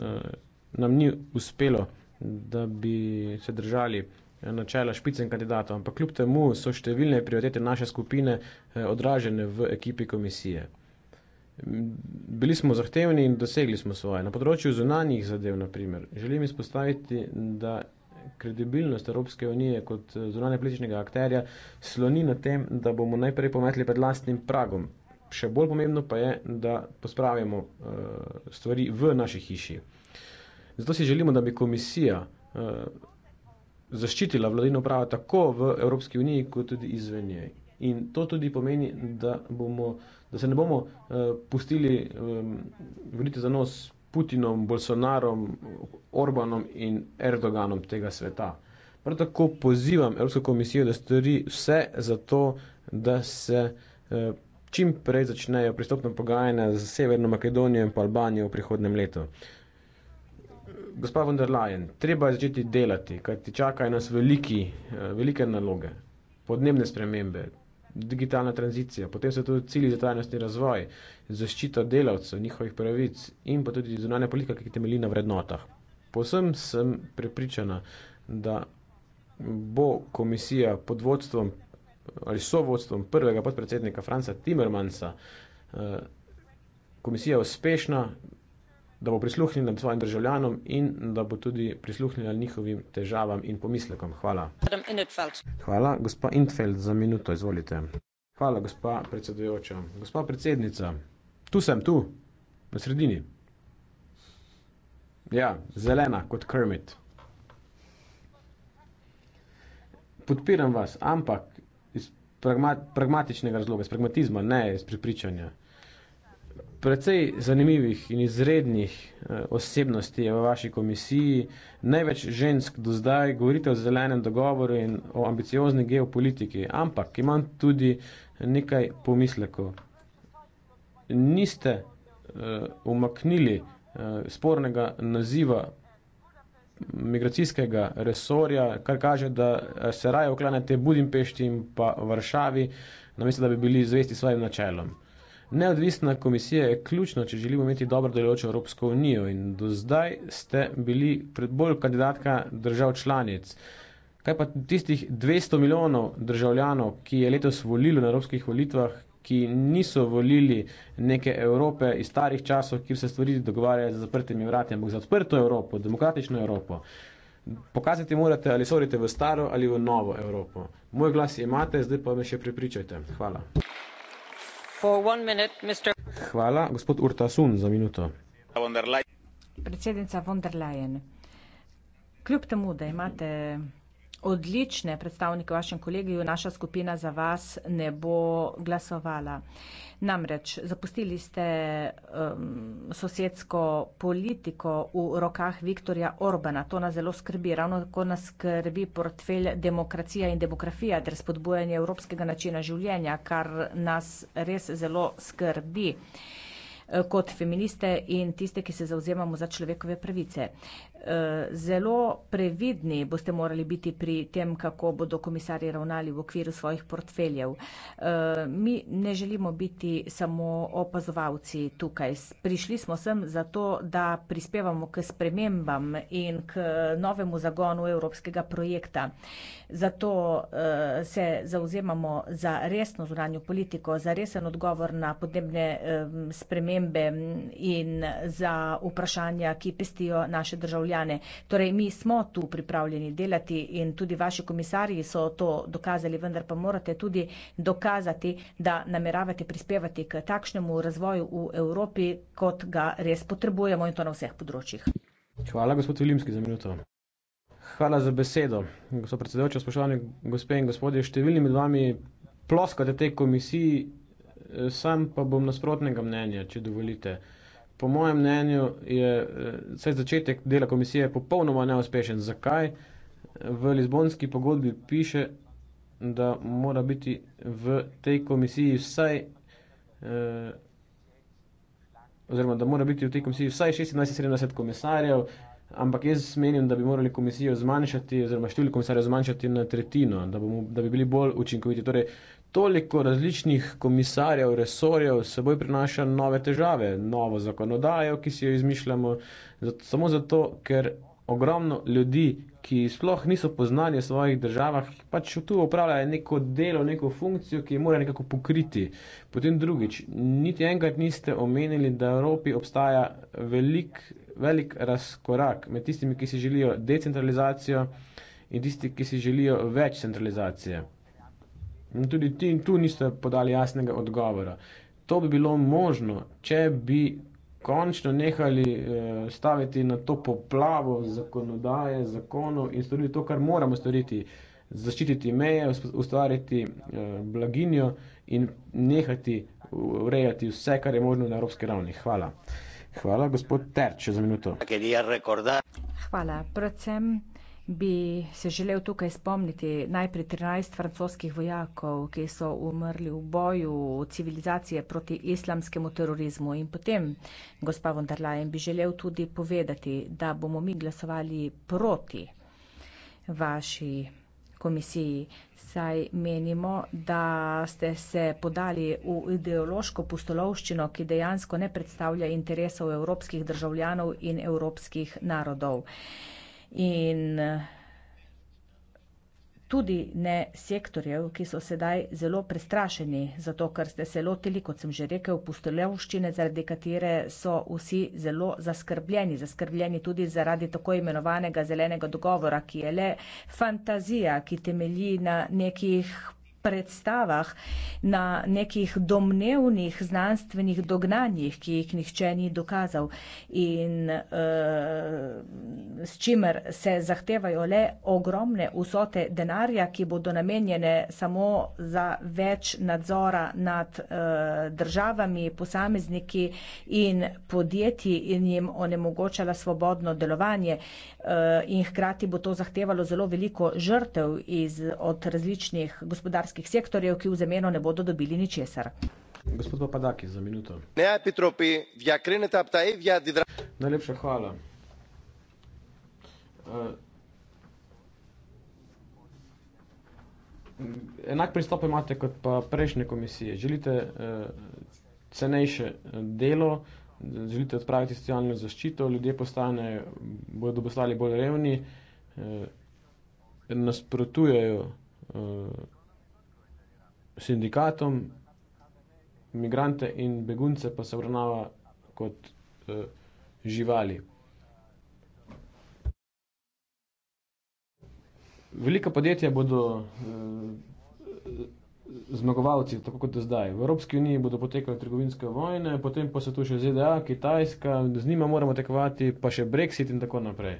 uh, nam ni uspelo, da bi se držali eh, načela špicem kandidatov, ampak kljub temu so številne prioritete naše skupine eh, odražene v ekipi komisije. Bili smo zahtevni in dosegli smo svoje. Na področju zunanjih zadev, naprimer, želim izpostaviti, da kredibilnost Evropske unije kot eh, zunanje političnega akterja sloni na tem, da bomo najprej pometli pred lastnim pragom še bolj pomembno pa je, da pospravimo uh, stvari v naši hiši. Zato si želimo, da bi komisija uh, zaščitila vladino prava tako v Evropski uniji, kot tudi izven njej. In to tudi pomeni, da, bomo, da se ne bomo uh, pustili um, ehm, vriti za nos Putinom, Bolsonarom, Orbanom in Erdoganom tega sveta. Prav tako pozivam Evropsko komisijo, da stori vse za to, da se uh, čim prej začnejo pristopno pogajanja z Severno Makedonijo in pa Albanijo v prihodnem letu. Gospa von der Leyen, treba je začeti delati, kaj ti čakajo nas veliki, eh, velike naloge, podnebne spremembe, digitalna tranzicija, potem so tudi cilji za tajnostni razvoj, zaščita delavcev, njihovih pravic in pa tudi zunanja politika, ki temelji na vrednotah. Posem sem prepričana, da bo komisija pod vodstvom ali so vodstvom prvega podpredsednika Franca Timmermansa eh, komisija uspešna, da bo prisluhnila svojim državljanom in da bo tudi prisluhnila njihovim težavam in pomislekom. Hvala. Hvala, gospa Intfeld, za minuto, izvolite. Hvala, gospa predsedujoča. Gospa predsednica, tu sem, tu, na sredini. Ja, zelena kot Kermit. Podpiram vas, ampak pragma, pragmatičnega razloga, iz pragmatizma, ne iz pripričanja. Predvsej zanimivih in izrednih eh, osebnosti je v vaši komisiji. Največ žensk do zdaj govorite o zelenem dogovoru in o ambiciozni geopolitiki, ampak imam tudi nekaj pomislekov. Niste eh, umaknili eh, spornega naziva migracijskega resorja, kar kaže, da eh, se raje oklanjate Budimpešti in pa Varšavi, namesto da bi bili zvesti svojim načelom. Neodvisna komisija je ključna, če želimo imeti dobro delujočo Evropsko unijo in do zdaj ste bili bolj kandidatka držav članic. Kaj pa tistih 200 milijonov državljanov, ki je letos volilo na evropskih volitvah, ki niso volili neke Evrope iz starih časov, kjer se stvari dogovarjajo za zaprtimi vrati, ampak za odprto Evropo, demokratično Evropo. Pokazati morate, ali sorite v staro ali v novo Evropo. Moj glas imate, zdaj pa me še prepričajte. Hvala. Minute, Mr. Hvala, gospod Urtasun, za minuto. Predsednica von der Leyen, kljub temu, da imate. Mm -hmm odlične predstavnike v vašem kolegiju, naša skupina za vas ne bo glasovala. Namreč, zapustili ste um, sosedsko politiko v rokah Viktorja Orbana. To nas zelo skrbi. Ravno tako nas skrbi portfelj demokracija in demografija ter spodbujanje evropskega načina življenja, kar nas res zelo skrbi eh, kot feministe in tiste, ki se zauzemamo za človekove pravice. Eh, zelo previdni boste morali biti pri tem, kako bodo komisarji ravnali v okviru svojih portfeljev. Eh, mi ne želimo biti samo opazovalci tukaj. Prišli smo sem zato, da prispevamo k spremembam in k novemu zagonu evropskega projekta. Zato eh, se zauzemamo za resno zunanjo politiko, za resen odgovor na podnebne spremembe in za vprašanja, ki pestijo naše državljane državljane. Torej, mi smo tu pripravljeni delati in tudi vaši komisarji so to dokazali, vendar pa morate tudi dokazati, da nameravate prispevati k takšnemu razvoju v Evropi, kot ga res potrebujemo in to na vseh področjih. Hvala, gospod Vilimski, za minuto. Hvala za besedo. Gospod predsedujoča, spoštovani gospe in gospodje, številni med vami ploskate tej komisiji, sam pa bom nasprotnega mnenja, če dovolite po mojem mnenju je vse eh, začetek dela komisije popolnoma neuspešen. Zakaj? V Lizbonski pogodbi piše, da mora biti v tej komisiji vsaj, eh, oziroma da mora biti v tej komisiji vsaj 26-70 komisarjev, ampak jaz menim, da bi morali komisijo zmanjšati, oziroma število komisarjev zmanjšati na tretjino, da, da bi bili bolj učinkoviti. Torej, eh, toliko različnih komisarjev, resorjev, seboj prinaša nove težave, novo zakonodajo, ki si jo izmišljamo, zato, samo zato, ker ogromno ljudi, ki sploh niso poznani v svojih državah, pač tu upravljajo neko delo, neko funkcijo, ki jo mora nekako pokriti. Potem drugič, niti enkrat niste omenili, da v Evropi obstaja velik, velik razkorak med tistimi, ki si želijo decentralizacijo in tisti, ki si želijo več centralizacije. Tudi ti in tu niste podali jasnega odgovora. To bi bilo možno, če bi končno nehali eh, staviti na to poplavo zakonodaje, zakonov in storili to, kar moramo storiti. Zaščititi meje, ustvariti eh, blaginjo in nehati urejati vse, kar je možno na evropski ravni. Hvala. Hvala, gospod Terč, za minuto. Hvala. Predvsem bi se želel tukaj spomniti najprej 13 francoskih vojakov, ki so umrli v boju civilizacije proti islamskemu terorizmu. In potem, gospa von der Leyen, bi želel tudi povedati, da bomo mi glasovali proti vaši komisiji, saj menimo, da ste se podali v ideološko pustolovščino, ki dejansko ne predstavlja interesov evropskih državljanov in evropskih narodov in tudi ne sektorjev, ki so sedaj zelo prestrašeni, zato ker ste se lotili, kot sem že rekel, pustolevščine, zaradi katere so vsi zelo zaskrbljeni, zaskrbljeni tudi zaradi tako imenovanega zelenega dogovora, ki je le fantazija, ki temelji na nekih predstavah, na nekih domnevnih znanstvenih dognanjih, ki jih nihče ni dokazal in uh, s čimer se zahtevajo le ogromne vsote denarja, ki bodo namenjene samo za več nadzora nad uh, državami, posamezniki in podjetji in jim onemogočala svobodno delovanje. Uh, in hkrati bo to zahtevalo zelo veliko žrtev iz, od različnih gospodarskih gospodarskih sektorjev, ki v zameno ne bodo dobili ničesar. Gospod Papadaki, za minuto. E, Najlepša hvala. Eh, enak pristop imate kot pa prejšnje komisije. Želite eh, cenejše eh, delo, želite odpraviti socialno zaščito, ljudje postane, bodo postali bolj revni, nasprotujejo sindikatom, imigrante in begunce pa se obravnava kot eh, živali. Velika podjetja bodo eh, zmagovalci, tako kot zdaj. V Evropski uniji bodo potekale trgovinske vojne, potem pa se tu še ZDA, Kitajska, z njima moramo tekovati, pa še Brexit in tako naprej.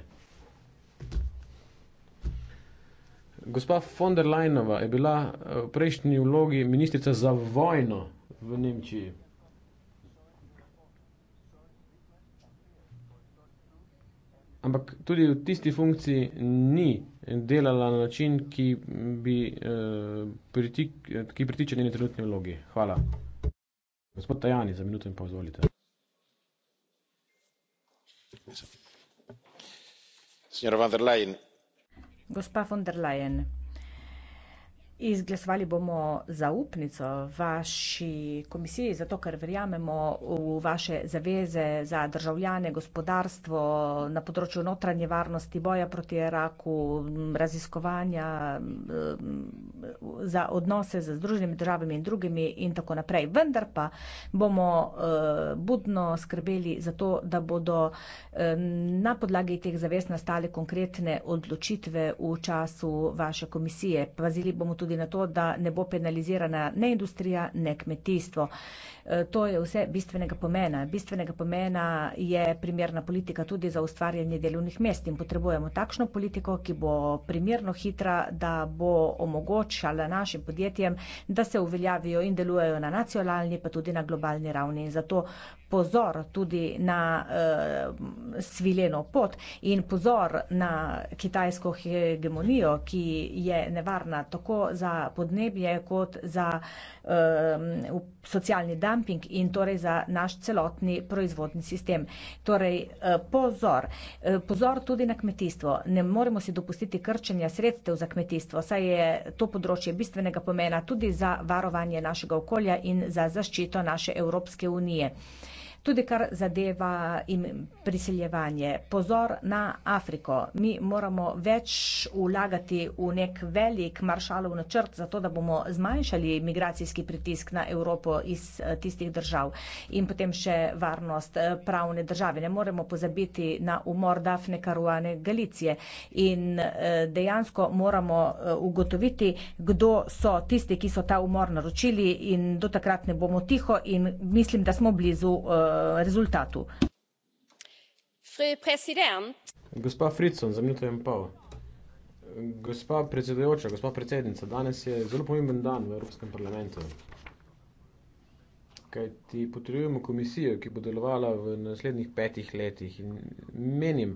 Gospa von der Leinova je bila eh, v prejšnji vlogi ministrica za vojno v Nemčiji. Ampak tudi v tisti funkciji ni delala na način, ki, bi, eh, pritik, ki pritiče njeni trenutni vlogi. Hvala. Gospod Tajani, za minuto in pa izvolite. Signora von der Leyen, gospa von der Leyen. Izglasovali bomo zaupnico vaši komisiji, zato ker verjamemo v vaše zaveze za državljane, gospodarstvo na področju notranje varnosti, boja proti raku, raziskovanja za odnose z združenimi državami in drugimi in tako naprej. Vendar pa bomo eh, budno skrbeli za to, da bodo eh, na podlagi teh zavez nastale konkretne odločitve v času vaše komisije. Pazili bomo tudi tudi na to, da ne bo penalizirana ne industrija, ne kmetijstvo. Eh, to je vse bistvenega pomena. Bistvenega pomena je primerna politika tudi za ustvarjanje delovnih mest in potrebujemo takšno politiko, ki bo primerno hitra, da bo omogočala našim podjetjem, da se uveljavijo in delujejo na nacionalni, pa tudi na globalni ravni. Zato pozor tudi na uh, eh, svileno pot in pozor na kitajsko hegemonijo, ki je nevarna tako za podnebje kot za uh, socialni dan dumping in torej za naš celotni proizvodni sistem. Torej, eh, pozor, eh, pozor tudi na kmetijstvo. Ne moremo si dopustiti krčenja sredstev za kmetijstvo, saj je to področje bistvenega pomena tudi za varovanje našega okolja in za zaščito naše Evropske unije tudi kar zadeva in priseljevanje. Pozor na Afriko. Mi moramo več ulagati v nek velik maršalov načrt, zato da bomo zmanjšali migracijski pritisk na Evropo iz tistih držav in potem še varnost eh, pravne države. Ne moremo pozabiti na umor Dafne Karuane Galicije in eh, dejansko moramo eh, ugotoviti, kdo so tisti, ki so ta umor naročili in do takrat ne bomo tiho in mislim, da smo blizu. Uh, rezultatu. Gospa Fritzon, za minuto in pol. Gospa predsedujoča, gospa predsednica, danes je zelo pomemben dan v Evropskem parlamentu. Kaj ti potrebujemo komisijo, ki bo delovala v naslednjih petih letih in menim,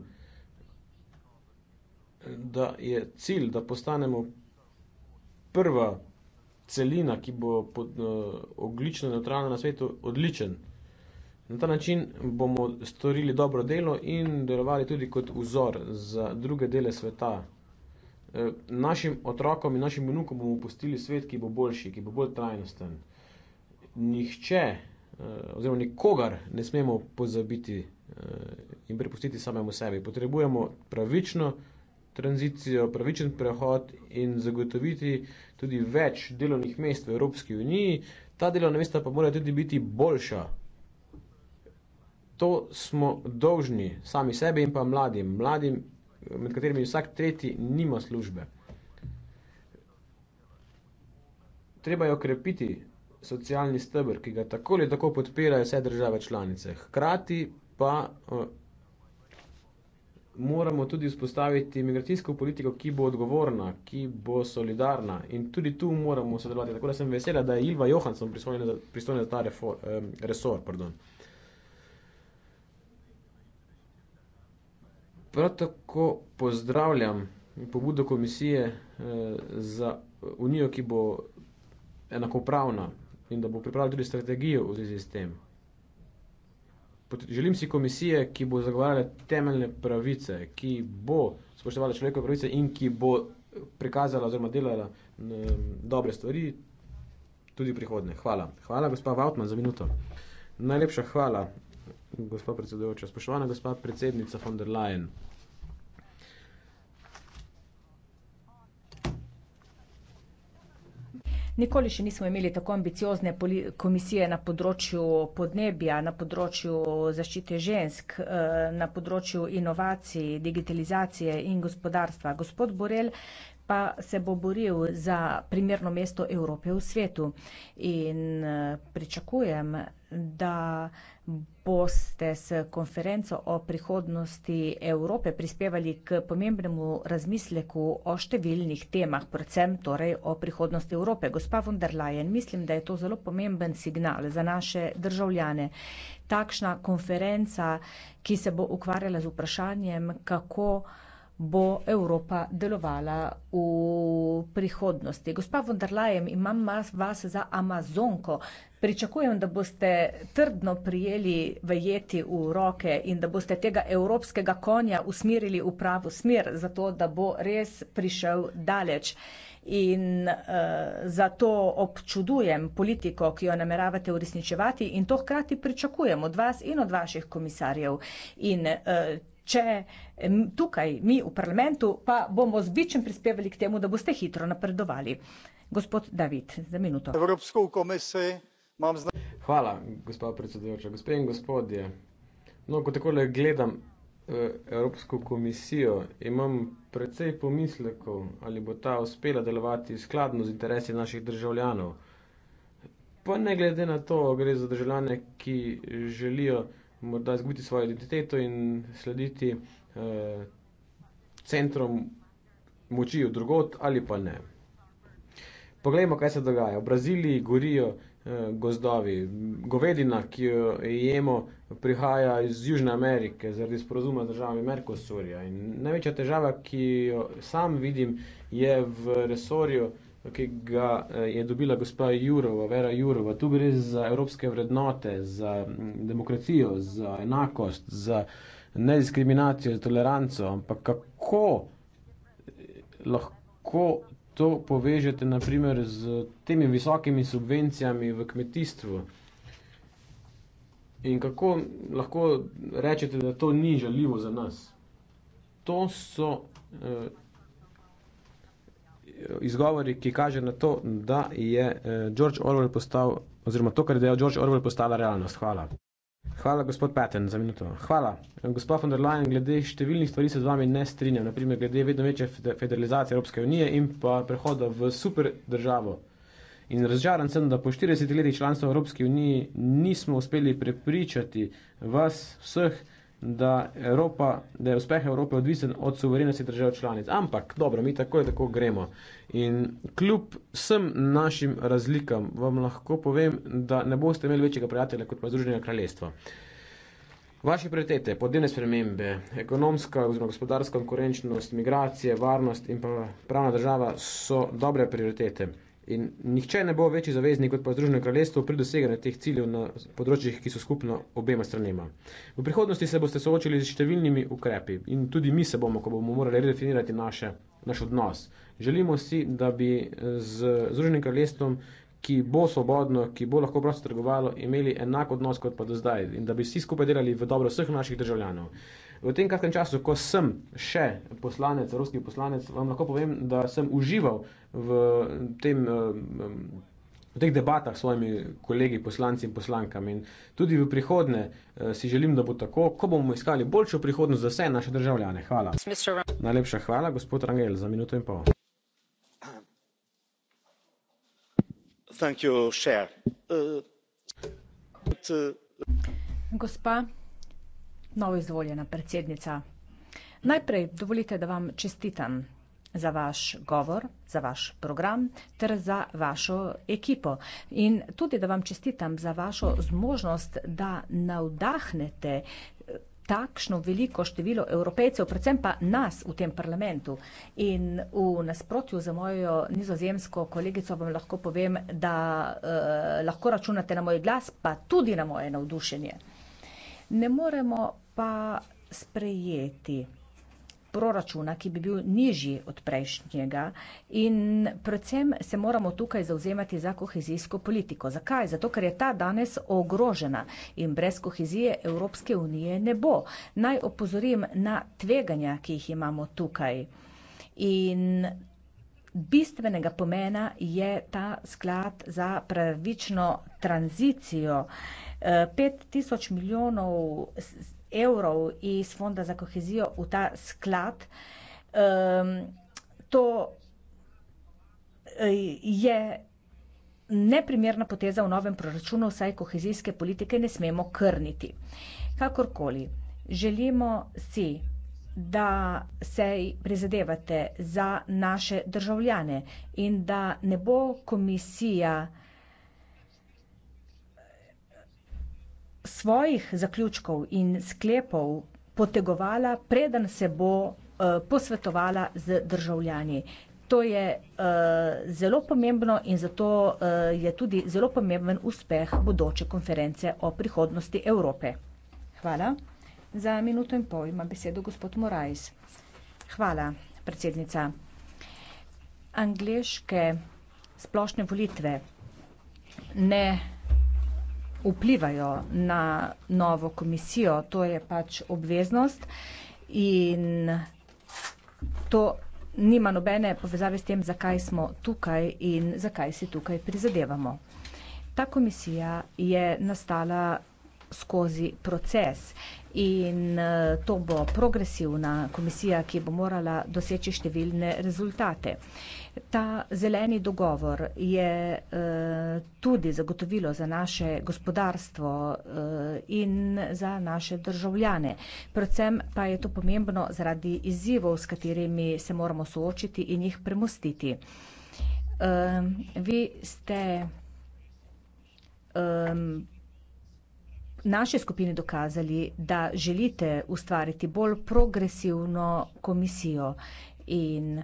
da je cilj, da postanemo prva celina, ki bo pod, uh, eh, oglično neutralna na svetu, odličen. Na ta način bomo storili dobro delo in delovali tudi kot vzor za druge dele sveta. Eh, našim otrokom in našim vnukom bomo postili svet, ki bo boljši, ki bo bolj trajnosten. Nihče, eh, oziroma nikogar, ne smemo pozabiti eh, in prepustiti samemu sebi. Potrebujemo pravično tranzicijo, pravičen prehod in zagotoviti tudi več delovnih mest v Evropski uniji. Ta delovna mesta pa morajo tudi biti boljša. To smo dolžni sami sebi in pa mladim, mladim, med katerimi vsak tretji nima službe. Treba je okrepiti socialni stebr, ki ga tako ali tako podpirajo vse države članice. Hkrati pa uh, moramo tudi vzpostaviti migracijsko politiko, ki bo odgovorna, ki bo solidarna in tudi tu moramo sodelovati. Tako da sem vesela, da je Ilva Johansson pristojna za ta refor, um, resor. Pardon. Prav tako pozdravljam pobudo komisije eh, za unijo, ki bo enakopravna in da bo pripravila tudi strategijo v zvezi s tem. Želim si komisije, ki bo zagovarjala temeljne pravice, ki bo spoštovala človekove pravice in ki bo prikazala oziroma delala dobre stvari tudi prihodne. Hvala. Hvala, gospa Vautman, za minuto. Najlepša hvala gospod predsedujoča. Spoštovana gospod predsednica von der Leyen. Nikoli še nismo imeli tako ambiciozne komisije na področju podnebja, na področju zaščite žensk, eh, na področju inovacij, digitalizacije in gospodarstva. Gospod Borrell, pa se bo boril za primerno mesto Evrope v svetu. In eh, pričakujem, da boste s konferenco o prihodnosti Evrope prispevali k pomembnemu razmisleku o številnih temah, predvsem torej o prihodnosti Evrope. Gospa von der Leyen, mislim, da je to zelo pomemben signal za naše državljane. Takšna konferenca, ki se bo ukvarjala z vprašanjem, kako bo Evropa delovala v prihodnosti. Gospa von der Leyen, imam vas za Amazonko. Pričakujem, da boste trdno prijeli vejeti v roke in da boste tega evropskega konja usmirili v pravo smer, zato da bo res prišel daleč. In uh, zato občudujem politiko, ki jo nameravate uresničevati in to hkrati pričakujem od vas in od vaših komisarjev. In uh, če tukaj mi v parlamentu pa bomo z bičem prispevali k temu, da boste hitro napredovali. Gospod David, za minuto. Evropsko komisijo imam zna... Hvala, gospa predsedujoča. Gospe in gospodje, no, ko takole gledam e, Evropsko komisijo, imam precej pomislekov, ali bo ta uspela delovati skladno z interesi naših državljanov. Pa ne glede na to, gre za državljane, ki želijo morda izgubiti svojo identiteto in slediti eh, centrom moči od drugot ali pa ne. Poglejmo, kaj se dogaja. V Braziliji gorijo eh, gozdovi. Govedina, ki jo jemo, prihaja iz Južne Amerike zaradi sporozuma z državami Merkosurja. In največja težava, ki jo sam vidim, je v resorju eh, ki ga eh, je dobila gospa Jurova, Vera Jurova. Tu gre za evropske vrednote, za mm, demokracijo, za enakost, za nediskriminacijo, za toleranco. Ampak kako eh, lahko to povežete naprimer z temi visokimi subvencijami v kmetijstvu? In kako lahko rečete, da to ni žaljivo za nas? To so eh, izgovori, ki kaže na to, da je eh, George Orwell postal, oziroma to, kar je dejal George Orwell, postala realnost. Hvala. Hvala, gospod Patten, za minuto. Hvala. Gospod von der Leyen, glede številnih stvari se z vami ne strinjam, naprimer glede vedno večje federalizacije Evropske unije in pa prehoda v super državo. In razžaran sem, da po 40 letih članstva Evropske unije nismo uspeli prepričati vas vseh, da, Evropa, da je uspeh Evrope odvisen od suverenosti držav članic. Ampak, dobro, mi tako in tako gremo. In kljub vsem našim razlikam, vam lahko povem, da ne boste imeli večjega prijatelja kot pa Združenega kraljestva. Vaše prioritete, podnebne spremembe, ekonomska oziroma gospodarska konkurenčnost, migracije, varnost in pa pravna država so dobre prioritete. In nihče ne bo večji zaveznik kot pa Združeno kraljestvo pri doseganju teh ciljev na področjih, ki so skupno obema stranima. V prihodnosti se boste soočili z številnimi ukrepi in tudi mi se bomo, ko bomo morali redefinirati naše, naš odnos. Želimo si, da bi z Združenim kraljestvom, ki bo svobodno, ki bo lahko prosto trgovalo, imeli enak odnos kot pa do zdaj in da bi vsi skupaj delali v dobro vseh naših državljanov. V tem kratkem času, ko sem še poslanec, ruski poslanec, vam lahko povem, da sem užival v, tem, v teh debatah s svojimi kolegi, poslanci in poslankami. In tudi v prihodne eh, si želim, da bo tako, ko bomo iskali boljšo prihodnost za vse naše državljane. Hvala. Najlepša hvala, gospod Rangel, za minuto in pol. Thank you, uh, but, uh, Gospa novoizvoljena predsednica. Najprej dovolite, da vam čestitam za vaš govor, za vaš program ter za vašo ekipo. In tudi, da vam čestitam za vašo zmožnost, da navdahnete eh, takšno veliko število evropejcev, predvsem pa nas v tem parlamentu. In v nasprotju za mojo nizozemsko kolegico vam lahko povem, da eh, lahko računate na moj glas, pa tudi na moje navdušenje. Ne moremo pa sprejeti proračuna, ki bi bil nižji od prejšnjega in predvsem se moramo tukaj zauzemati za kohezijsko politiko. Zakaj? Zato, ker je ta danes ogrožena in brez kohezije Evropske unije ne bo. Naj opozorim na tveganja, ki jih imamo tukaj. In bistvenega pomena je ta sklad za pravično tranzicijo. 5000 eh, milijonov evrov iz fonda za kohezijo v ta sklad. To eh, je neprimerna poteza v novem proračunu, saj kohezijske politike ne smemo krniti. Kakorkoli, želimo si, da se prizadevate za naše državljane in da ne bo komisija svojih zaključkov in sklepov potegovala, preden se bo uh, posvetovala z državljani. To je uh, zelo pomembno in zato uh, je tudi zelo pomemben uspeh bodoče konference o prihodnosti Evrope. Hvala. Za minuto in pol ima besedo gospod Morais. Hvala, predsednica. Angliške splošne volitve ne vplivajo na novo komisijo, to je pač obveznost in to nima nobene povezave s tem, zakaj smo tukaj in zakaj si tukaj prizadevamo. Ta komisija je nastala skozi proces in uh, to bo progresivna komisija, ki bo morala doseči številne rezultate. Ta zeleni dogovor je uh, tudi zagotovilo za naše gospodarstvo uh, in za naše državljane. Predvsem pa je to pomembno zaradi izzivov, s katerimi se moramo soočiti in jih premustiti. Uh, vi ste um, naše skupine dokazali, da želite ustvariti bolj progresivno komisijo in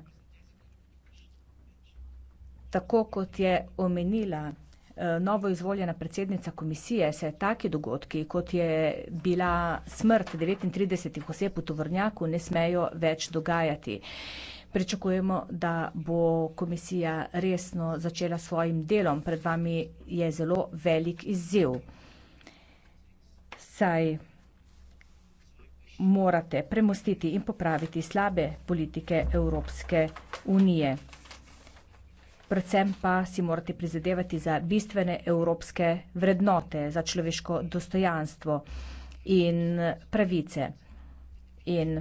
tako kot je omenila eh, novo izvoljena predsednica komisije, se taki dogodki, kot je bila smrt 39 oseb v tovornjaku, ne smejo več dogajati. Pričakujemo, da bo komisija resno začela s svojim delom. Pred vami je zelo velik izziv saj morate premostiti in popraviti slabe politike Evropske unije. Predvsem pa si morate prizadevati za bistvene evropske vrednote, za človeško dostojanstvo in pravice. In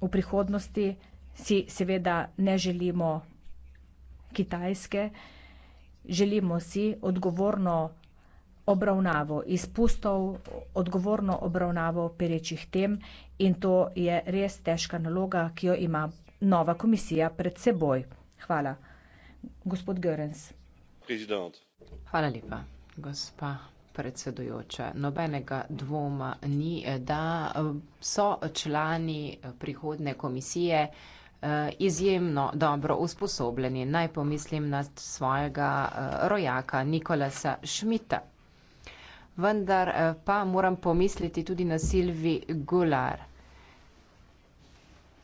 v prihodnosti si seveda ne želimo Kitajske, želimo si odgovorno obravnavo izpustov, odgovorno obravnavo perečih tem in to je res težka naloga, ki jo ima nova komisija pred seboj. Hvala. Gospod Görens. Hvala lepa, gospa predsedujoča. Nobenega dvoma ni, da so člani prihodne komisije eh, izjemno dobro usposobljeni. Naj pomislim na svojega eh, rojaka Nikolasa Šmita, vendar eh, pa moram pomisliti tudi na Silvi Gular,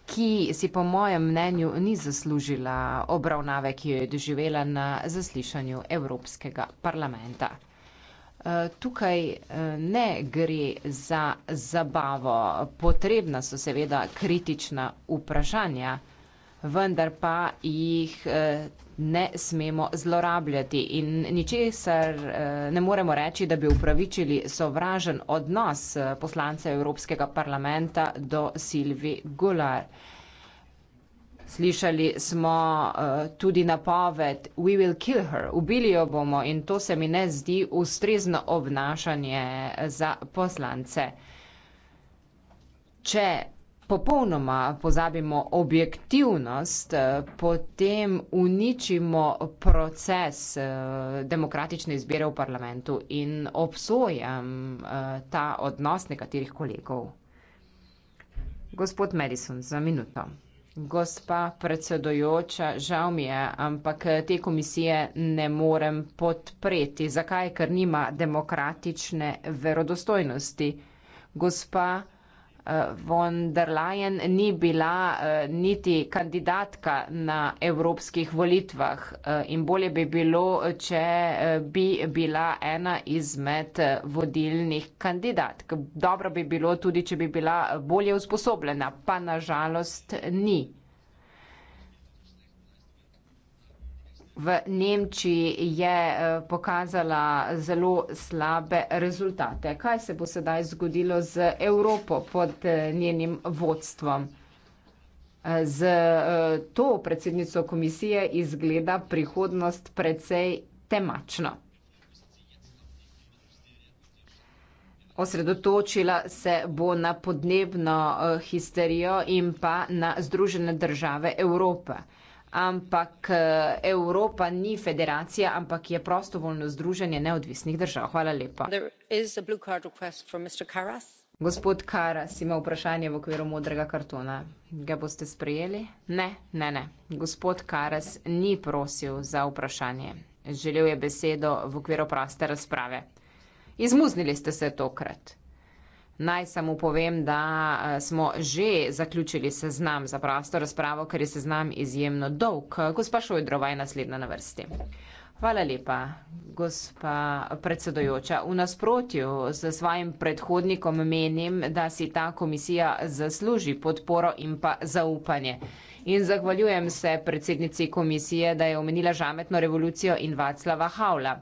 ki si po mojem mnenju ni zaslužila obravnave, ki jo je doživela na zaslišanju Evropskega parlamenta. Eh, tukaj eh, ne gre za zabavo, potrebna so seveda kritična vprašanja vendar pa jih eh, ne smemo zlorabljati in ničesar eh, ne moremo reči, da bi upravičili sovražen odnos eh, poslance Evropskega parlamenta do Silvi Gular. Slišali smo uh, tudi napoved, we will kill her, ubili jo bomo in to se mi ne zdi ustrezno obnašanje za poslance. Če popolnoma pozabimo objektivnost, eh, potem uničimo proces eh, demokratične izbire v parlamentu in obsojam eh, ta odnos nekaterih kolegov. Gospod Madison, za minuto. Gospa predsedojoča, žal mi je, ampak te komisije ne morem podpreti. Zakaj? Ker nima demokratične verodostojnosti. Gospa Eh, von der Leyen ni bila eh, niti kandidatka na evropskih volitvah eh, in bolje bi bilo, če bi bila ena izmed vodilnih kandidatk. Dobro bi bilo tudi, če bi bila bolje usposobljena, pa nažalost ni. v Nemčiji je eh, pokazala zelo slabe rezultate. Kaj se bo sedaj zgodilo z Evropo pod eh, njenim vodstvom? Eh, z to predsednico komisije izgleda prihodnost precej temačno. Osredotočila se bo na podnebno histerijo in pa na Združene države Evrope ampak eh, Evropa ni federacija, ampak je prostovoljno združenje neodvisnih držav. Hvala lepa. Gospod Karas ima vprašanje v okviru modrega kartona. Ga boste sprejeli? Ne, ne, ne. Gospod Karas ni prosil za vprašanje. Želel je besedo v okviru proste razprave. Izmuznili ste se tokrat. Naj samo povem, da eh, smo že zaključili seznam za prosto razpravo, ker je seznam izjemno dolg. Gospa Šojdrova je naslednja na vrsti. Hvala lepa, gospa predsedojoča. V nasprotju s svojim predhodnikom menim, da si ta komisija zasluži podporo in pa zaupanje. In zahvaljujem se predsednici komisije, da je omenila žametno revolucijo in Vaclava Havla.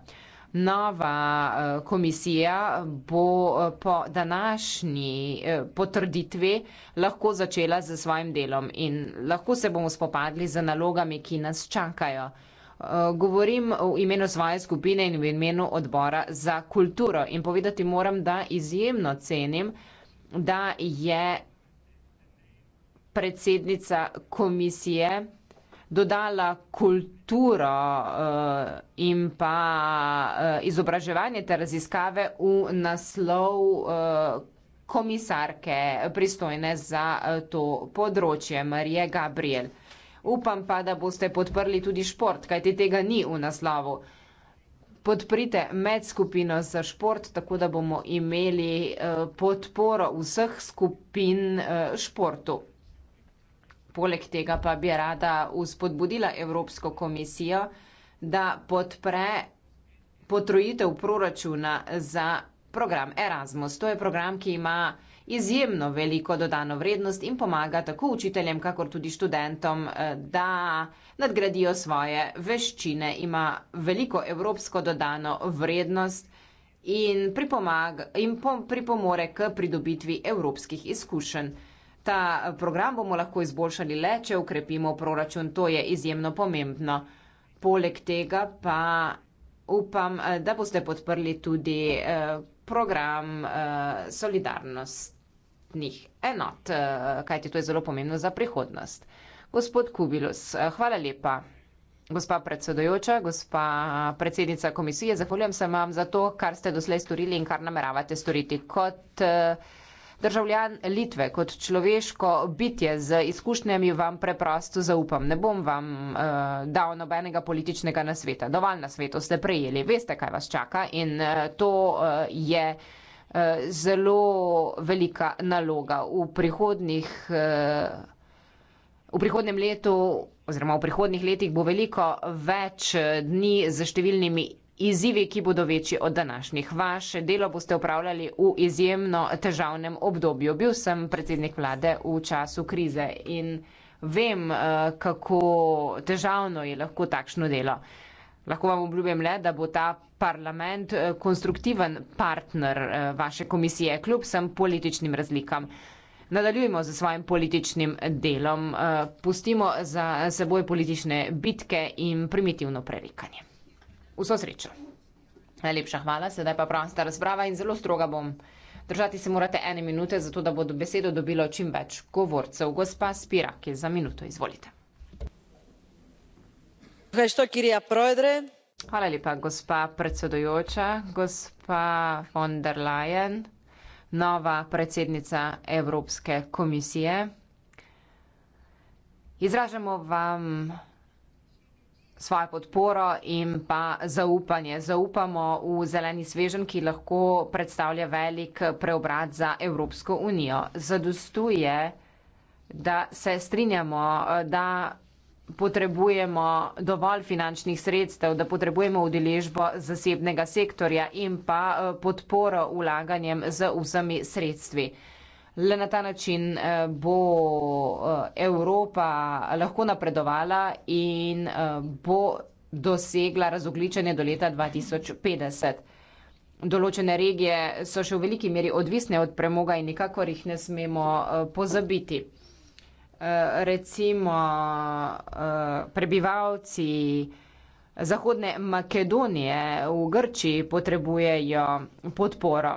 Nova eh, komisija bo eh, po današnji eh, potrditvi lahko začela z svojim delom in lahko se bomo spopadli z nalogami, ki nas čakajo. Govorim v imenu svoje skupine in v imenu odbora za kulturo in povedati moram, da izjemno cenim, da je predsednica komisije dodala kulturo uh, in pa uh, izobraževanje ter raziskave v naslov uh, komisarke pristojne za uh, to področje, Marije Gabriel. Upam pa, da boste podprli tudi šport, kajti tega ni v naslovu. Podprite medskupino za šport, tako da bomo imeli podporo vseh skupin športu. Poleg tega pa bi rada uspodbudila Evropsko komisijo, da podpre potrojitev proračuna za program Erasmus. To je program, ki ima izjemno veliko dodano vrednost in pomaga tako učiteljem, kakor tudi študentom, eh, da nadgradijo svoje veščine, ima veliko evropsko dodano vrednost in, in pripomore k pridobitvi evropskih izkušenj. Ta program bomo lahko izboljšali le, če ukrepimo proračun. To je izjemno pomembno. Poleg tega pa upam, da boste podprli tudi eh, program eh, solidarnostnih enot, eh, kajti to je zelo pomembno za prihodnost. Gospod Kubilus, hvala lepa. Gospa predsedojoča, gospa predsednica komisije, zahvaljujem se vam za to, kar ste doslej storili in kar nameravate storiti. Kot uh, državljan Litve, kot človeško bitje z izkušnjami vam preprosto zaupam. Ne bom vam uh, dal nobenega političnega nasveta. Dovolj nasvetov ste prejeli, veste, kaj vas čaka in uh, to uh, je. Zelo velika naloga v, v prihodnem letu, oziroma v prihodnih letih, bo veliko več dni z številnimi izzivi, ki bodo večji od današnjih. Vaše delo boste upravljali v izjemno težavnem obdobju. Bil sem predsednik vlade v času krize in vem, eh, kako težavno je lahko takšno delo. Lahko vam obljubim le, da bo ta parlament eh, konstruktiven partner eh, vaše komisije, kljub sem političnim razlikam. Nadaljujemo z svojim političnim delom, pustimo za seboj politične bitke in primitivno prerikanje. Vso srečo. Najlepša hvala, sedaj pa prosta razprava in zelo stroga bom. Držati se morate ene minute, zato da bo do besedo dobilo čim več govorcev. Gospa Spirak je za minuto, izvolite. Hvala lepa, gospa predsedojoča, gospa von der Leyen, nova predsednica Evropske komisije. Izražamo vam svojo podporo in pa zaupanje. Zaupamo v zeleni svežen, ki lahko predstavlja velik preobrat za Evropsko unijo. Zadostuje, da se strinjamo, da potrebujemo dovolj finančnih sredstev, da potrebujemo udeležbo zasebnega sektorja in pa eh, podporo vlaganjem z vsemi sredstvi. Le na ta način eh, bo eh, Evropa lahko napredovala in eh, bo dosegla razogličenje do leta 2050. Določene regije so še v veliki meri odvisne od premoga in nikakor jih ne smemo pozabiti. Recimo prebivalci Zahodne Makedonije v Grči potrebujejo podporo.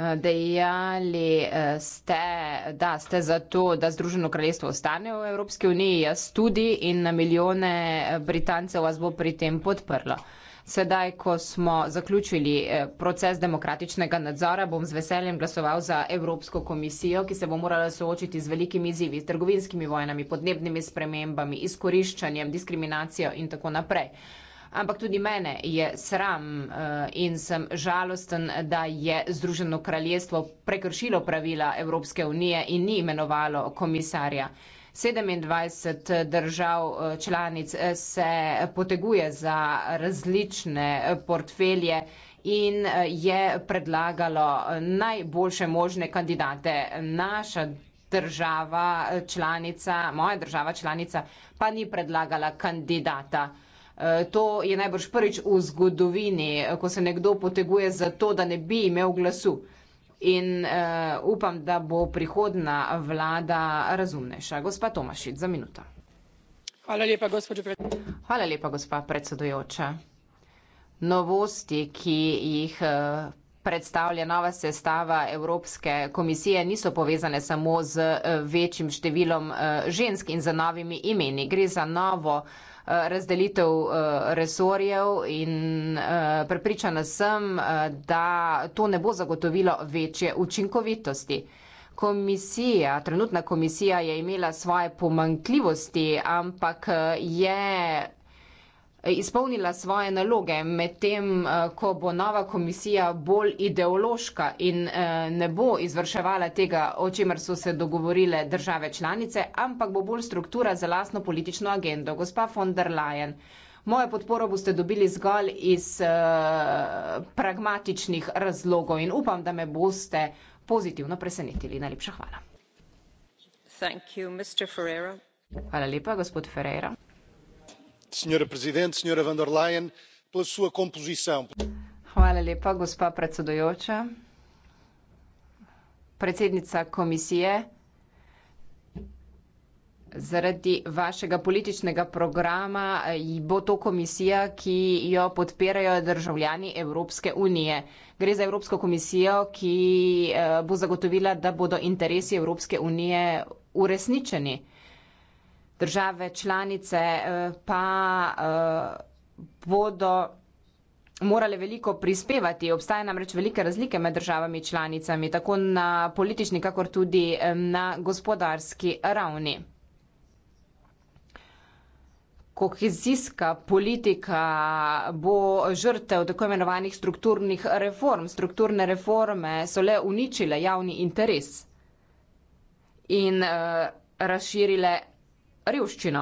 Eh, dejali eh, ste, da ste za to, da Združeno kraljestvo ostane v Evropski uniji, jaz tudi in na milijone eh, Britancev vas bo pri tem podprlo. Sedaj, ko smo zaključili proces demokratičnega nadzora, bom z veseljem glasoval za Evropsko komisijo, ki se bo morala soočiti z velikimi izzivi, s trgovinskimi vojnami, podnebnimi spremembami, izkoriščanjem, diskriminacijo in tako naprej ampak tudi mene je sram eh, in sem žalosten, da je Združeno kraljestvo prekršilo pravila Evropske unije in ni imenovalo komisarja. 27 eh, držav eh, članic se poteguje za različne portfelje in je predlagalo najboljše možne kandidate. Naša država članica, moja država članica pa ni predlagala kandidata. Eh, to je najbrž prvič v zgodovini, eh, ko se nekdo poteguje za to, da ne bi imel glasu. In uh, upam, da bo prihodna vlada razumnejša. Gospa Tomašic, za minuto. Hvala lepa, gospođo predsedujoča. Hvala lepa, gospa predsedujoča. Novosti, ki jih predstavlja nova sestava Evropske komisije, niso povezane samo z večjim številom žensk in za novimi imeni. Gre za novo. Eh, razdelitev eh, resorjev in eh, prepričana sem, da to ne bo zagotovilo večje učinkovitosti. Komisija, trenutna komisija je imela svoje pomankljivosti, ampak je izpolnila svoje naloge med tem, eh, ko bo nova komisija bolj ideološka in eh, ne bo izvrševala tega, o čemer so se dogovorile države članice, ampak bo bolj struktura za lasno politično agendo. Gospa von der Leyen, moje podporo boste dobili zgolj iz eh, pragmatičnih razlogov in upam, da me boste pozitivno presenetili. Najlepša hvala. Hvala lepa, gospod Ferreira gospa predsedujoča gospod von der leyen vi ste govorili o transparentnosti. zaradi vašega političnega programa eh, bo to komisija ki jo podpirajo državljani evropske unije. gre za evropsko komisijo ki eh, bo zagotovila da bodo interesi evropske unije uresničeni države članice eh, pa eh, bodo morale veliko prispevati. Obstaja namreč velike razlike med državami članicami, tako na politični, kakor tudi eh, na gospodarski ravni. Kohezijska politika bo žrtev tako imenovanih strukturnih reform. Strukturne reforme so le uničile javni interes in razširile revščino.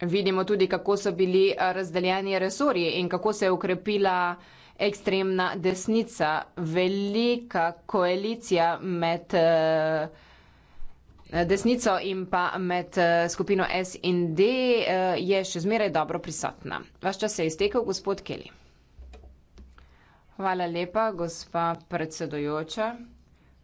Vidimo tudi, kako so bili eh, razdeljeni resorji in kako se je ukrepila ekstremna desnica, velika koalicija med eh, desnico in pa med eh, skupino S in D je še zmeraj dobro prisotna. Vaš čas se je iztekel, gospod Keli. Hvala lepa, gospa predsedojoča.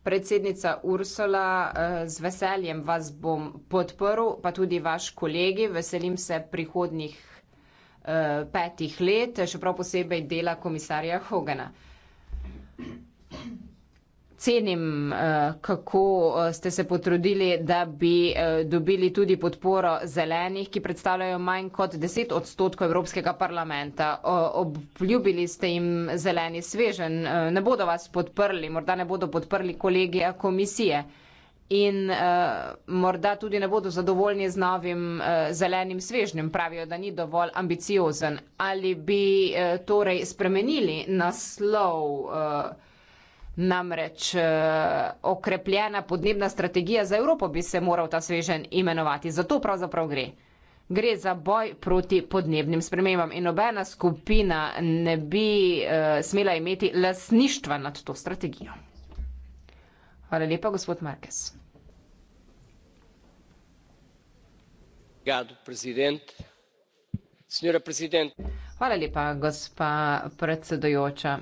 Predsednica Ursula, eh, z veseljem vas bom podprl, pa tudi vaš kolegi. Veselim se prihodnih eh, petih let, še prav posebej dela komisarja Hogana cenim, eh, kako eh, ste se potrudili, da bi eh, dobili tudi podporo zelenih, ki predstavljajo manj kot 10 odstotkov Evropskega parlamenta. Obljubili ste jim zeleni svežen, ne bodo vas podprli, morda ne bodo podprli kolegija komisije in morda tudi ne bodo zadovoljni z novim zelenim svežnjem, pravijo, da ni dovolj ambiciozen. Ali bi torej spremenili naslov? Namreč eh, okrepljena podnebna strategija za Evropo bi se moral ta svežen imenovati. Zato pravzaprav gre. Gre za boj proti podnebnim spremembam in nobena skupina ne bi uh, smela imeti lasništva nad to strategijo. Hvala lepa, gospod Markes. Hvala lepa, gospa predsedojoča.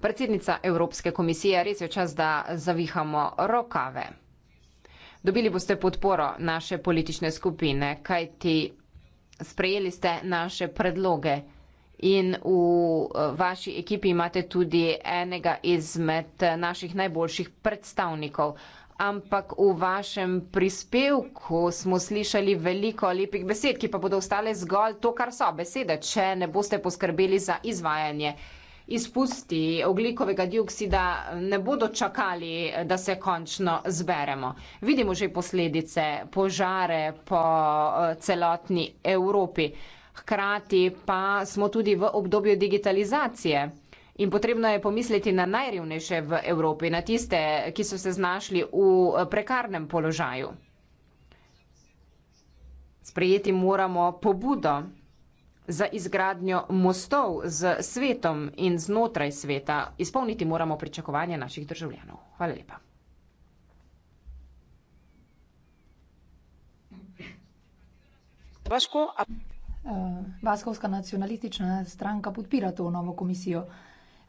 Predsednica Evropske komisije, res je čas, da zavihamo rokave. Dobili boste podporo naše politične skupine, kajti sprejeli ste naše predloge in v eh, vaši ekipi imate tudi enega izmed eh, naših najboljših predstavnikov. Ampak v vašem prispevku smo slišali veliko lepih besed, ki pa bodo ostale zgolj to, kar so besede, če ne boste poskrbeli za izvajanje izpusti oglikovega dioksida ne bodo čakali, da se končno zberemo. Vidimo že posledice požare po eh, celotni Evropi. Hkrati pa smo tudi v obdobju digitalizacije. In potrebno je pomisliti na najrevnejše v Evropi, na tiste, ki so se znašli v eh, prekarnem položaju. Sprejeti moramo pobudo za izgradnjo mostov z svetom in znotraj sveta. Izpolniti moramo pričakovanje naših državljanov. Hvala lepa. Vaško, a... Eh, Vaskovska nacionalistična stranka podpira to novo komisijo.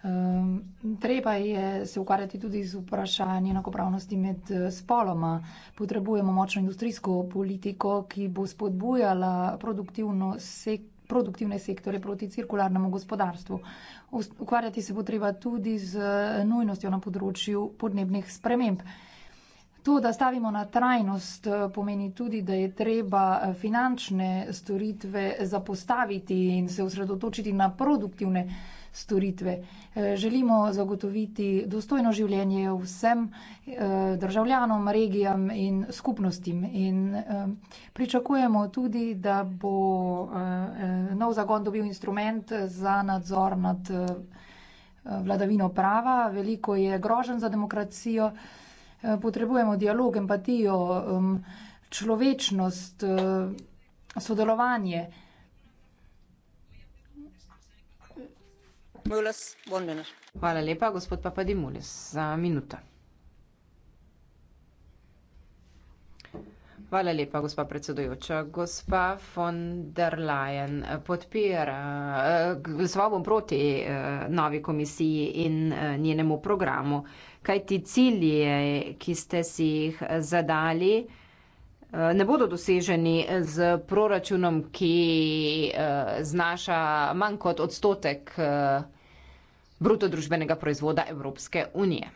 Ehm, treba je se ukvarjati tudi z vprašanjem enakopravnosti med eh, spoloma. Potrebujemo močno industrijsko politiko, ki bo spodbujala produktivno sektor produktivne sektore proti cirkularnemu gospodarstvu. Ukvarjati se bo treba tudi z nujnostjo na področju podnebnih sprememb. To, da stavimo na trajnost, eh, pomeni tudi, da je treba eh, finančne storitve zapostaviti in se osredotočiti na produktivne storitve. Eh, želimo zagotoviti dostojno življenje vsem državljanom, regijam in skupnostim. In pričakujemo tudi, da bo nov zagon dobil instrument za nadzor nad vladavino prava. Veliko je groženj za demokracijo. Eh, potrebujemo dialog, empatijo, človečnost, eh, sodelovanje. Hvala lepa, gospod Papadimulis, za minuto. Hvala lepa, gospa predsedujoča. Gospa von der Leyen eh, podpira, eh, glasoval bom proti eh, novi komisiji in njenemu programu, kajti cilje, ki ste si jih zadali, ne bodo doseženi z proračunom, ki znaša manj kot odstotek bruto družbenega proizvoda Evropske unije.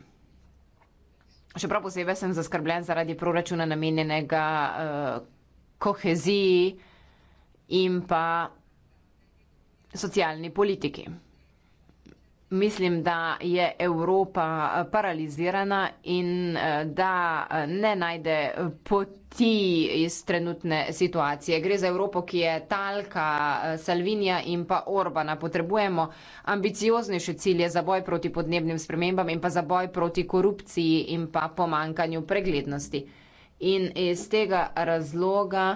Še prav posebej sem zaskrbljen zaradi proračuna namenjenega uh, koheziji in pa socialni politiki. Mislim, da je Evropa eh, paralizirana in eh, da eh, ne najde poti iz trenutne situacije. Gre za Evropo, ki je talka Salvinija in pa Orbana. Potrebujemo ambicioznejše cilje za boj proti podnebnim spremembam in pa za boj proti korupciji in pa pomankanju preglednosti. In iz tega razloga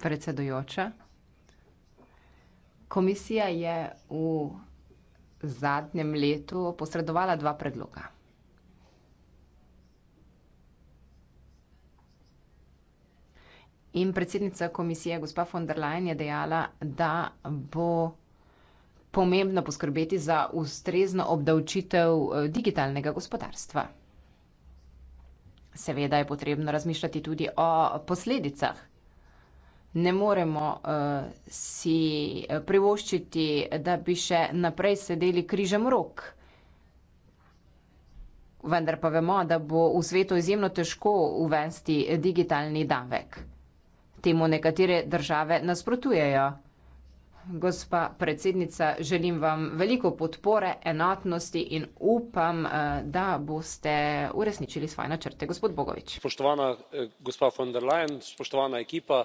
predsedujoča. Komisija je v zadnjem letu posredovala dva predloga. In predsednica komisije, gospa von der Leyen, je dejala, da bo pomembno poskrbeti za ustrezno obdavčitev eh, digitalnega gospodarstva. Seveda je potrebno razmišljati tudi o posledicah ne moremo uh, si eh, privoščiti, da bi še naprej sedeli križem rok. Vendar pa vemo, da bo v svetu izjemno težko uvesti digitalni davek. Temu nekatere države nasprotujejo. Gospa predsednica, želim vam veliko podpore, enotnosti in upam, eh, da boste uresničili svoje načrte. Gospod Bogovič. Spoštovana gospa von der Leyen, spoštovana ekipa.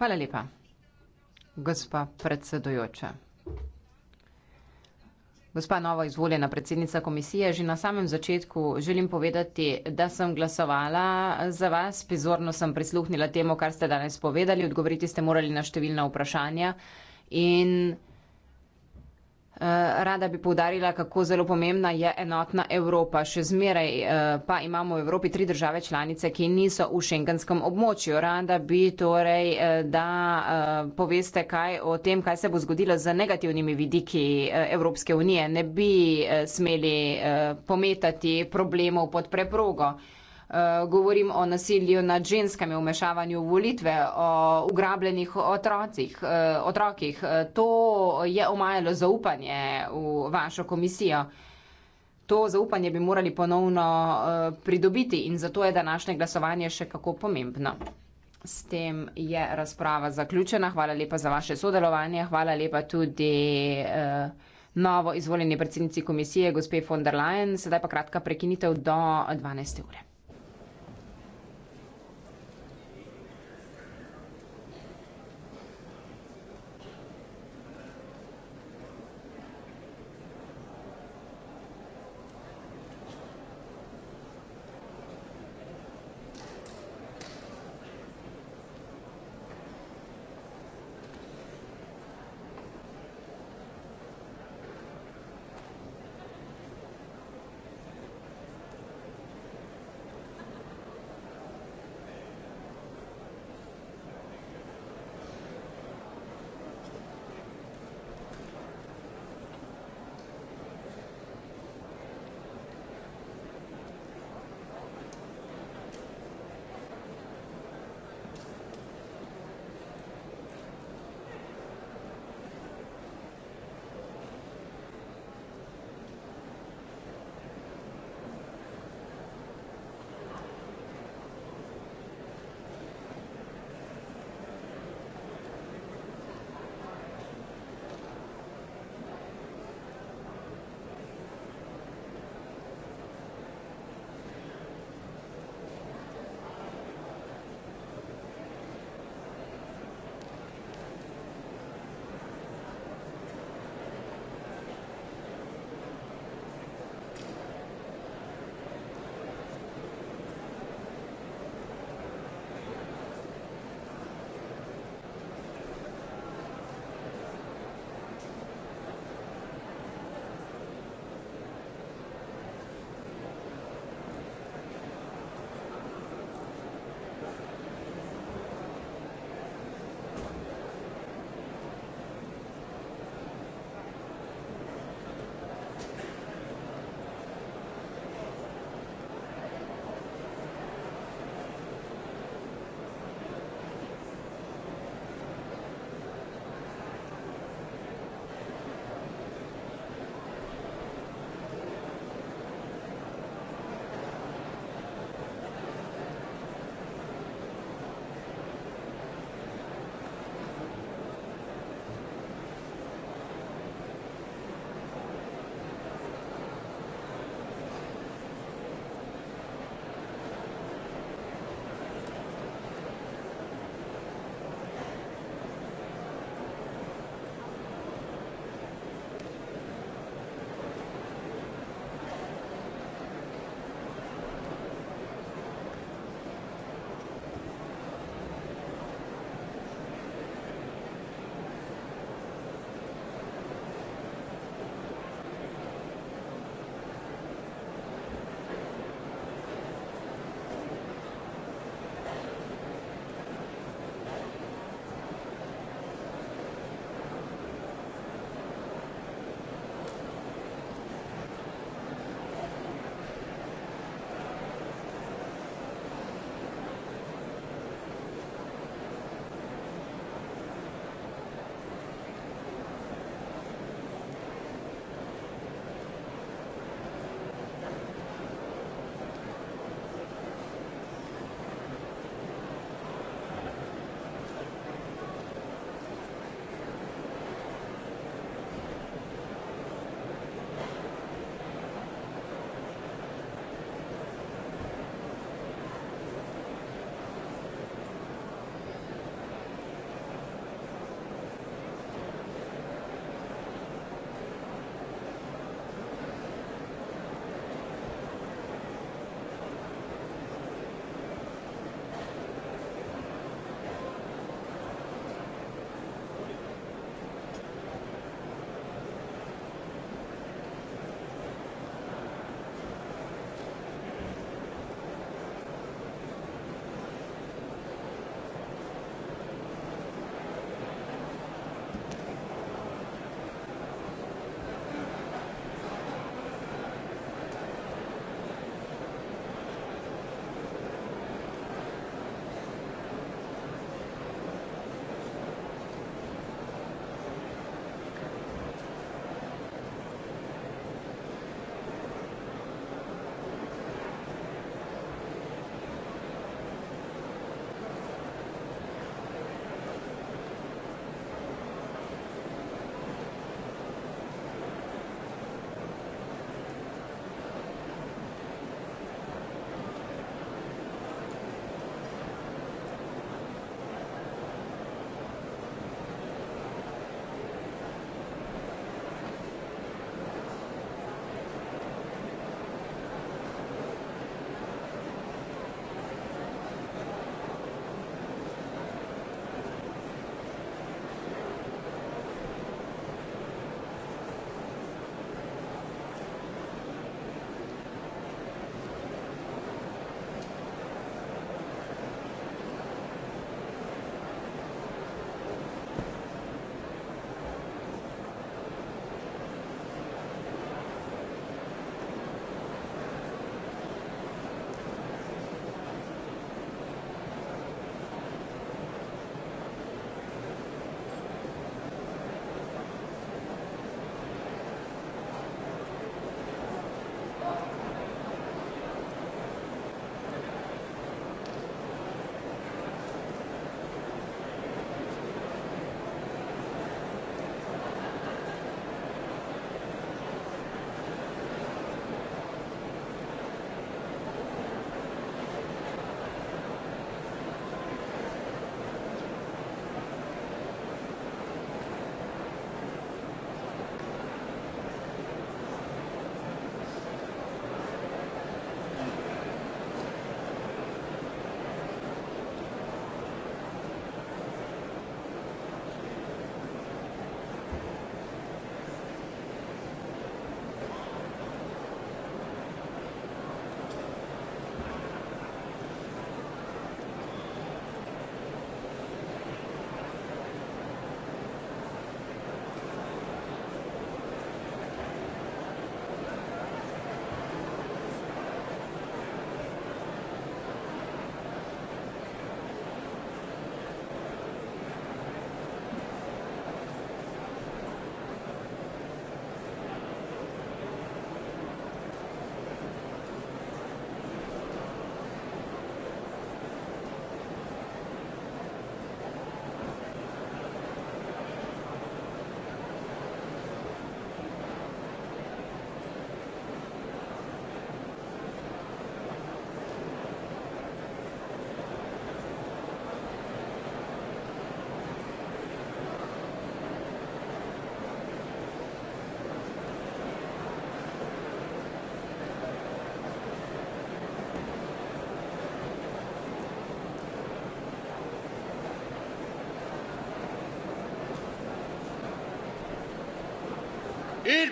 Hvala lepa, gospa predsedujoča. Gospa novo izvoljena predsednica komisije, že na samem začetku želim povedati, da sem glasovala za vas, pozorno sem prisluhnila temu, kar ste danes povedali, odgovoriti ste morali na številna vprašanja in Eh, rada bi povdarila, kako zelo pomembna je enotna Evropa. Še zmeraj eh, pa imamo v Evropi tri države članice, ki niso v šengenskem območju. Rada bi torej, eh, da poveste kaj o tem, kaj se bo zgodilo z negativnimi vidiki Evropske unije. Ne bi smeli pometati problemov pod preprogo govorim o nasilju nad ženskami, vmešavanju v volitve, o ugrabljenih otrocih, eh, otrokih. Eh, to je omajalo zaupanje v vašo komisijo. To zaupanje bi morali ponovno eh, pridobiti in zato je današnje glasovanje še kako pomembno. S tem je razprava zaključena. Hvala lepa za vaše sodelovanje. Hvala lepa tudi uh, novo izvoljeni predsednici komisije, gospe von der Leyen. Sedaj pa kratka prekinitev do 12. ure.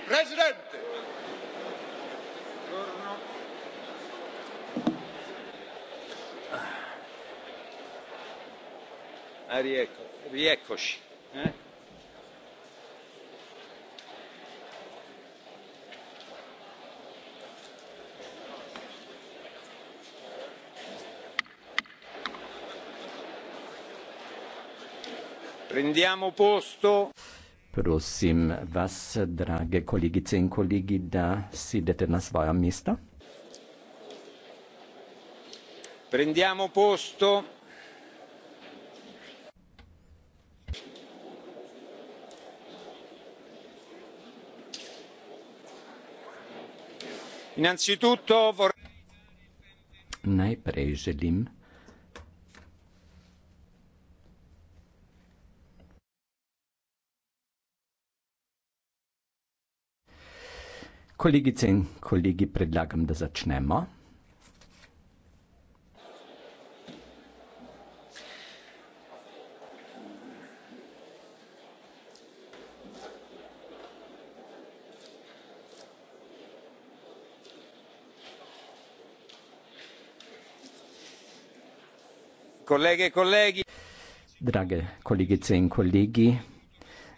residente. Ah, rieco, rieccoci. Eh? Prendiamo posto. Prosim vas, drage kolegice in kolegi, da sedete na svoja mesta. Prendiamo posto. Innanzitutto vorrei. Najprej želim Kolegice in kolegi, predlagam, da začnemo. Kolege, kolegi. Drage kolegice in kolegi,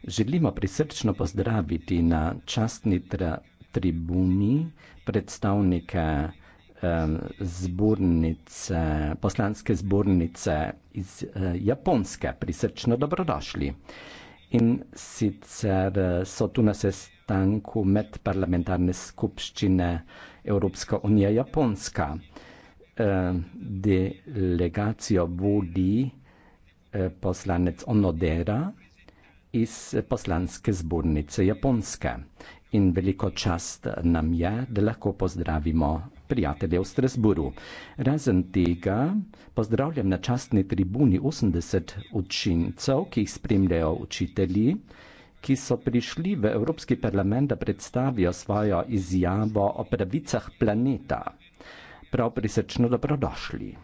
želimo prisrčno pozdraviti na častni tra tribuni predstavnike eh, zbornice, poslanske zbornice iz eh, Japonske. Prisrčno dobrodošli. In sicer eh, so tu na sestanku medparlamentarne skupščine Evropska unija Japonska. Delegacijo vodi poslanec Onodera iz poslanske zbornice Japonske in veliko čast nam je, da lahko pozdravimo prijatelje v Strasburu. Razen tega pozdravljam na častni tribuni 80 učincev, ki jih spremljajo učitelji, ki so prišli v Evropski parlament, da predstavijo svojo izjavo o pravicah planeta. Prav prisrčno dobrodošli.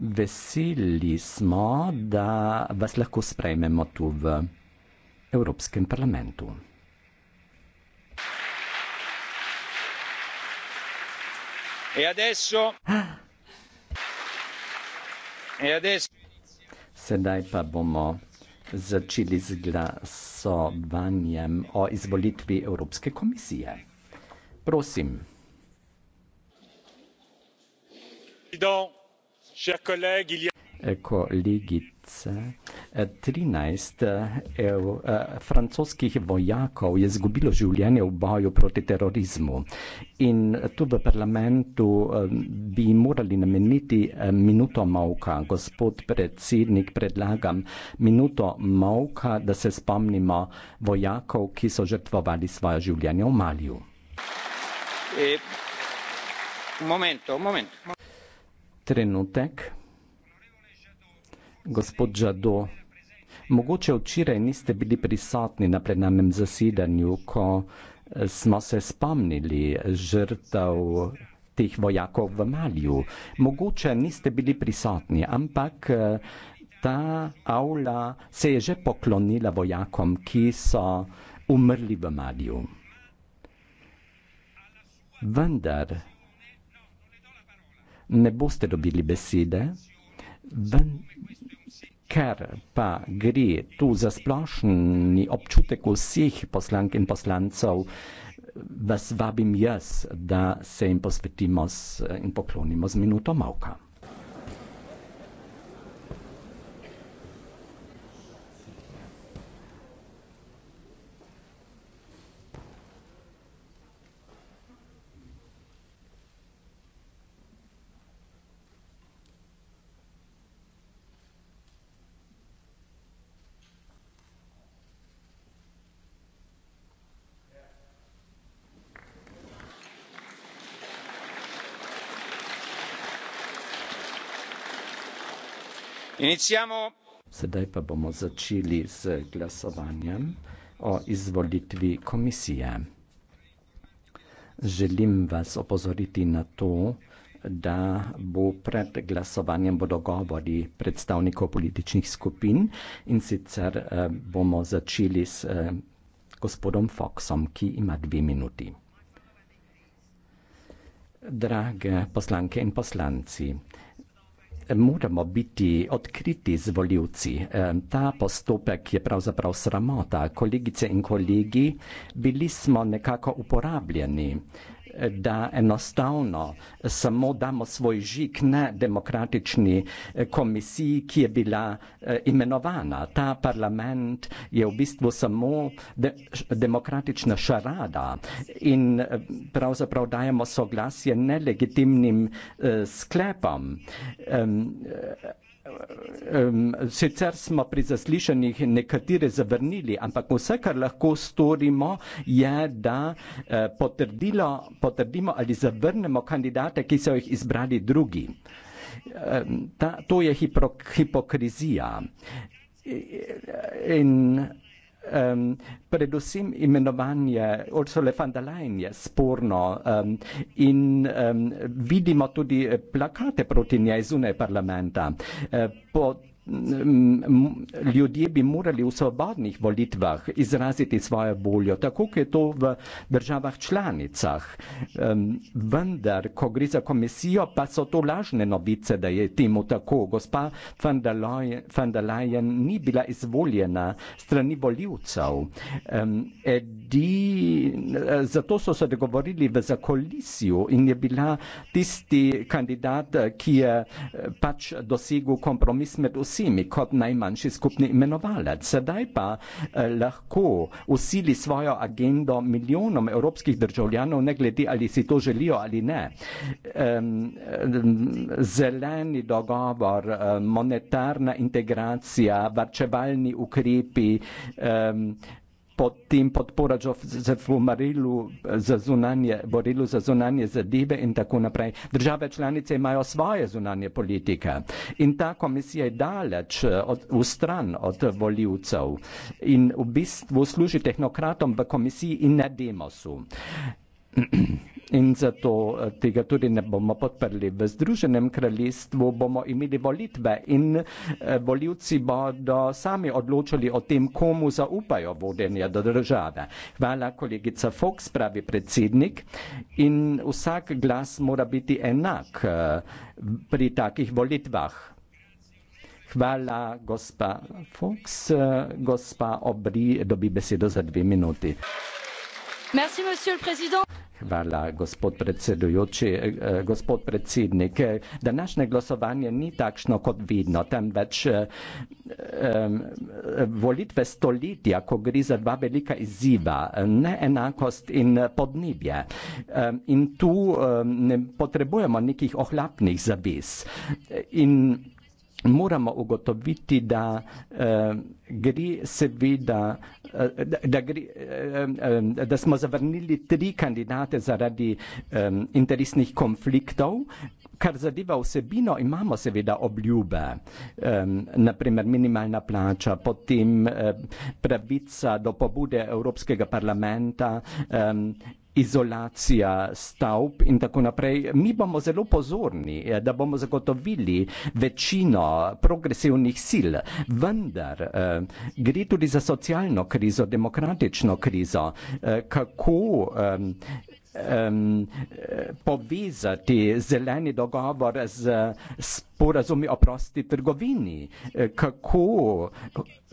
Veseli smo, da vas lahko sprejmemo tu v Evropskem parlamentu. E adesso... e adesso... Sedaj pa bomo začeli z glasovanjem o izvolitvi Evropske komisije. Prosim. président chers collègues il y a Kolegice, 13 ev, eh, eh, francoskih vojakov je zgubilo življenje v boju proti terorizmu. In tu v parlamentu eh, bi morali nameniti minuto mavka. Gospod predsednik, predlagam minuto mavka, da se spomnimo vojakov, ki so žrtvovali svoje življenje v Malju. E, momento, momento, momento trenutek. Gospod Žado, mogoče včeraj niste bili prisotni na plenarnem zasedanju, ko eh, smo se spomnili žrtev teh vojakov v Malju. Mogoče niste bili prisotni, ampak eh, ta avla se je že poklonila vojakom, ki so umrli v Malju. Vendar ne boste dobili besede, ben, ker pa gre tu za splošni občutek vseh poslank in poslancev, vas vabim jaz, da se jim posvetimo in poklonimo z minuto malka. Iniziamo. Sedaj pa bomo začeli z glasovanjem o izvolitvi komisije. Želim vas opozoriti na to, da bo pred glasovanjem bodo govori predstavnikov političnih skupin in sicer eh, bomo začeli s eh, gospodom Foxom, ki ima dve minuti. Drage poslanke in poslanci, moramo biti odkriti z voljivci. E, ta postopek je pravzaprav sramota. Kolegice in kolegi, bili smo nekako uporabljeni da enostavno samo damo svoj žig na demokratični eh, komisiji, ki je bila eh, imenovana. Ta parlament je v bistvu samo de demokratična šarada in eh, pravzaprav dajemo soglasje nelegitimnim sklepom. Sicer smo pri zaslišanjih nekatere zavrnili, ampak vse, kar lahko storimo, je, da eh, potrdimo ali zavrnemo kandidate, ki so jih izbrali drugi. To je hipokrizija. In um, predvsem imenovanje Ursula von der Leyen je sporno um, in um, vidimo tudi eh, plakate proti njej zunaj parlamenta. Uh, ljudje bi morali v svobodnih volitvah izraziti svojo voljo, tako kot je to v državah članicah. Vendar, ko gre za komisijo, pa so to lažne novice, da je temu tako. Gospa van der Leyen ni bila izvoljena strani voljivcev. Zato so se dogovorili v zakolisju in je bila tisti kandidat, ki je eh, pač dosegel kompromis med vsemi vsemi, kot najmanjši skupni imenovalec. Sedaj pa eh, lahko usili svojo agendo milijonom evropskih državljanov, ne glede ali si to želijo ali ne. Eh, zeleni dogovor, eh, monetarna integracija, varčevalni ukrepi. Eh, pod tem podpora Marilu za zunanje, Borilu za zunanje zadeve in tako naprej. Države članice imajo svoje zunanje politike in ta komisija je daleč eh, od, v stran od voljivcev in v bistvu služi tehnokratom v komisiji in ne demosu. In zato eh, tega tudi ne bomo podprli. V Združenem kraljestvu bomo imeli volitve in eh, voljivci bodo sami odločili o tem, komu zaupajo vodenje do države. Hvala, kolegica Fox, pravi predsednik. In vsak glas mora biti enak eh, pri takih volitvah. Hvala, gospa Fox. Gospa Obri dobi besedo za dve minuti. Merci, monsieur le président. Hvala, gospod predsedujoči, eh, eh, gospod predsednik. Eh, današnje glasovanje ni takšno kot vidno, temveč um, volitve stoletja, ko gre za dva velika izziva, neenakost in podnebje. Um, in tu um, ne potrebujemo nekih ohlapnih zavez. In moramo ugotoviti, da eh, gre seveda, eh, da, da, gre, eh, eh, eh, da smo zavrnili tri kandidate zaradi eh, interesnih konfliktov. Kar zadeva vsebino, imamo seveda obljube, eh, naprimer minimalna plača, potem eh, pravica do pobude Evropskega parlamenta. Eh, izolacija stavb in tako naprej. Mi bomo zelo pozorni, eh, da bomo zagotovili večino progresivnih sil, vendar eh, gre tudi za socialno krizo, demokratično krizo. Eh, kako eh, povezati zeleni dogovor z sporazumi o prosti trgovini, eh, kako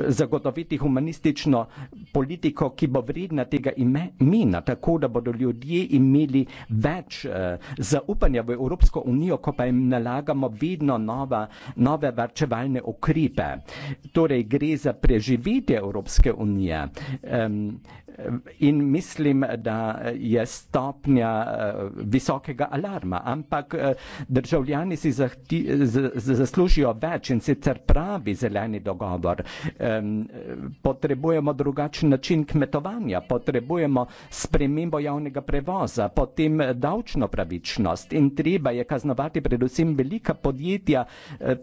zagotoviti humanistično politiko, ki bo vredna tega imena, tako da bodo ljudje imeli več eh, zaupanja v Evropsko unijo, ko pa jim nalagamo vedno nova, nove varčevalne ukrepe. Torej gre za preživetje Evropske unije. Um, In mislim, da je stopnja eh, visokega alarma, ampak eh, državljani si zahti, z, z, zaslužijo več in sicer pravi zeleni dogovor. E, potrebujemo drugačen način kmetovanja, potrebujemo spremembo javnega prevoza, potem eh, davčno pravičnost in treba je kaznovati predvsem velika podjetja po eh,